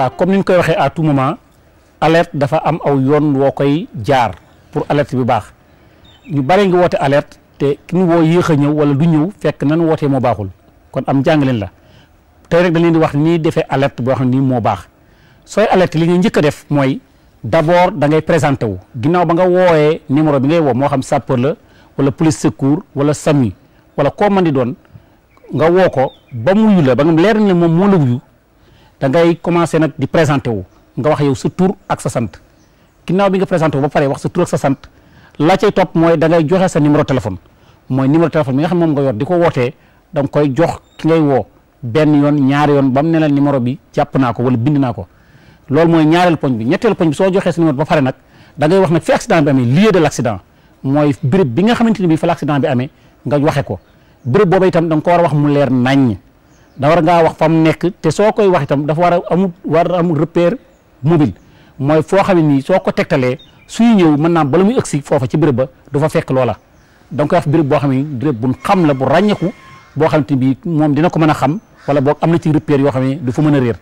soxlaa comme ni ñu koy waxee a tout moment alerte dafa am aw yoon woo koy jaar pour alerte bi baax ñu bare ngi woote alerte te ki ñu woo yéex a ñëw wala du ñëw fekk nan wootee moo baaxul kon am jàngaleen la tey rek dañ leen di wax nii defee alerte boo xam ne nii moo baax sooy alerte li nga njëkk a def mooy d'abord da ngay présenté wu ginnaaw ba nga woowee numéro bi ngay woo moo xam sapeur la wala police secours wala SAMU wala koo man di doon nga woo ko ba mu la ba leer ne moom moo la da ngay commencé nag di présenté wu nga wax yow sa tour ak sa sant ginnaaw bi nga présenté wu ba pare wax sa tur ak sa sant la cay topp mooy da ngay joxe sa numéro téléphone mooy numéro téléphone bi nga xam moom nga yor di ko wootee da koy jox ngay woo benn yoon ñaari yoon ba ne la numéro bi jàpp naa ko wala bind naa ko loolu mooy ñaareel poñ bi ñetteel poñ soo joxee sa numéro ba pare nag da wax nag fi accident bi amee lieu mooy béréb bi nga xamante ni bii fa l' accident bi amee nga waxe ko béréb boobu itam da ko war a wax mu leer naññ da war wax fa mu nekk te soo koy wax itam dafa war a amul war a am repère mooy foo xam ne nii soo ko tegtalee suy ñëw mën naa bala muy ëgsi foofa ci béréb ba du fekk loola da nga koy wax boo xam ne béréb bu xam la bu ràññeeku boo xam te bi moom dina ko mën a xam wala boog am na ci repère yoo xam ne du mën a réer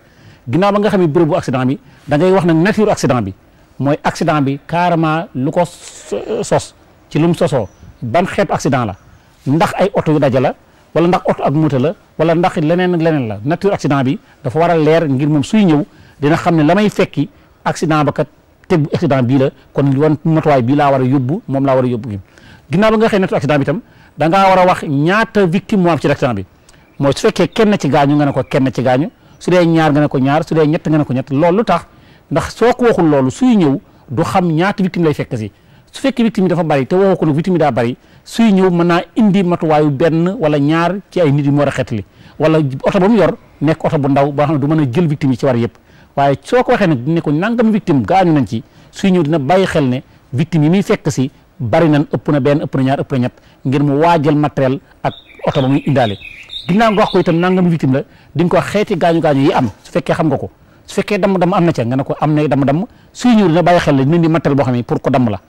ginnaaw ba nga xam ne bérébu accident bi da ngay wax nag nature accident bi mooy accident bi carrément lu ko sos ci lu mu sosoo ban xeetu accident la ndax ay oto yu daje la wala ndax oto ak moto la wala ndax leneen ak leneen la nature accident bi dafa war a leer ngir moom suy ñëw dina xam ne la may fekki accident ba kat teg accident bii la kon wan matuwaay bii war a yóbbu moom laa war a yóbbu ginnaaw ba nga xëy nature accident bi tam da war a wax ñaata victime moo am ci accident bi mooy su fekkee kenn ci gaañu nga ne ko kenn ci gaañu su dee ñaar nga ne ko ñaar su dee ñett nga ne ko ñett loolu lu tax ndax soo ko waxul loolu suy ñëw du xam ñaata victime lay fekk si su fekkee victime yi dafa bari te woo ko nag victime yi daa bari suy ñëw mën naa indi matuwaayu benn wala ñaar ci ay nit yu mu war a li wala oto ba mu yor nekk oto bu ndaw boo xam ne du mën a jël victime yi ci war yëpp waaye soo ko waxee nag ne ko nangam victime gaañu nañ ci suy ñëw dina bàyyi xel ne victime yi muy fekk si bari nañ ëpp na benn ëpp na ñaar ëpp na ñett ngir mu waajal matériel ak oto ba muy indaale ginnaaw nga wax ko itam nangam victime la di nga ko xeeti gaañu gaañu yi am su fekkee xam nga ko su fekkee damm damm am na ca nga ne ko am na damm damm suy ñëw dina bàyyi xel la dina indi matériel xam ne pour ko damm la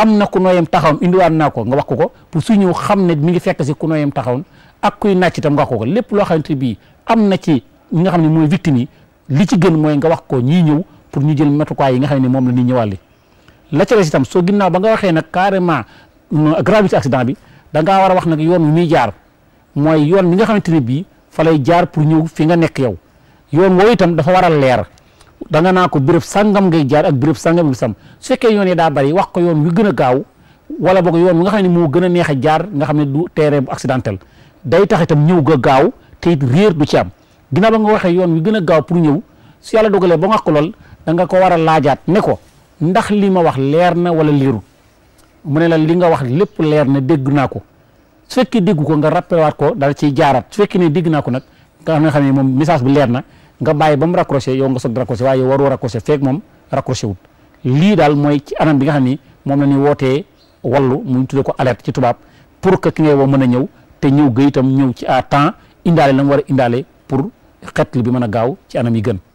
am na ku nooyam taxawoon indiwaat naa ko nga wax ko ko pour su ñëw xam ne mi ngi fekk si ku nooyam taxawoon ak kuy nàcc itam nga wax ko ko lépp loo xamante bii am na ci ñi nga xam ne mooy victime yi li ci gën mooy nga wax ko ñii ñëw pour ñu jël matukaay yi nga xam ne moom la ñuy ñëwaale la ca des itam soo ginnaaw ba nga waxee nag carrément mm, gravité accident bi da war a wax nag yoon wi muy jaar mooy yoon mi nga xamante ne bii fa lay jaar pour ñëw fi nga nekk yow yoon woowu itam dafa war a leer danga naa ko béréb sàngam ngay jaar ak béréb sangam bi sam su fekkee yoon yi daa bari wax ko yoon wi gën a gaaw wala boog yoon wi nga xam ne moo gën a neex jaar nga xam ne du terrain bu accidentel day tax itam ñëw ga gaaw te it réer ci am ginnaaw ba nga waxee yoon wi gën a gaaw pour ñëw su yàlla dogalee ba nga wax ko lool da nga ko war a laajaat ne ko ndax li ma wax leer na wala leerul mu ne la li nga wax lépp leer na dégg naa ko su fekkee dégg ko nga rappelé waat ko dal ciy jaaraat su fekkee ne dégg naa ko nag nga xam ne moom message bi leer na nga bàyyi ba mu raccroché yow nga soog raccroché waaye waroo raccroché feeg moom raccroché wut lii daal mooy ci anam bi nga xam ni moom la ñuy wootee wallu mu tuddee ko alerte ci tubaab pour que ki ngay woo mën a ñëw te ñëw ga itam ñëw ci à temps indaale la mu war a indaale pour xetli bi mën a gaaw ci anam yi gën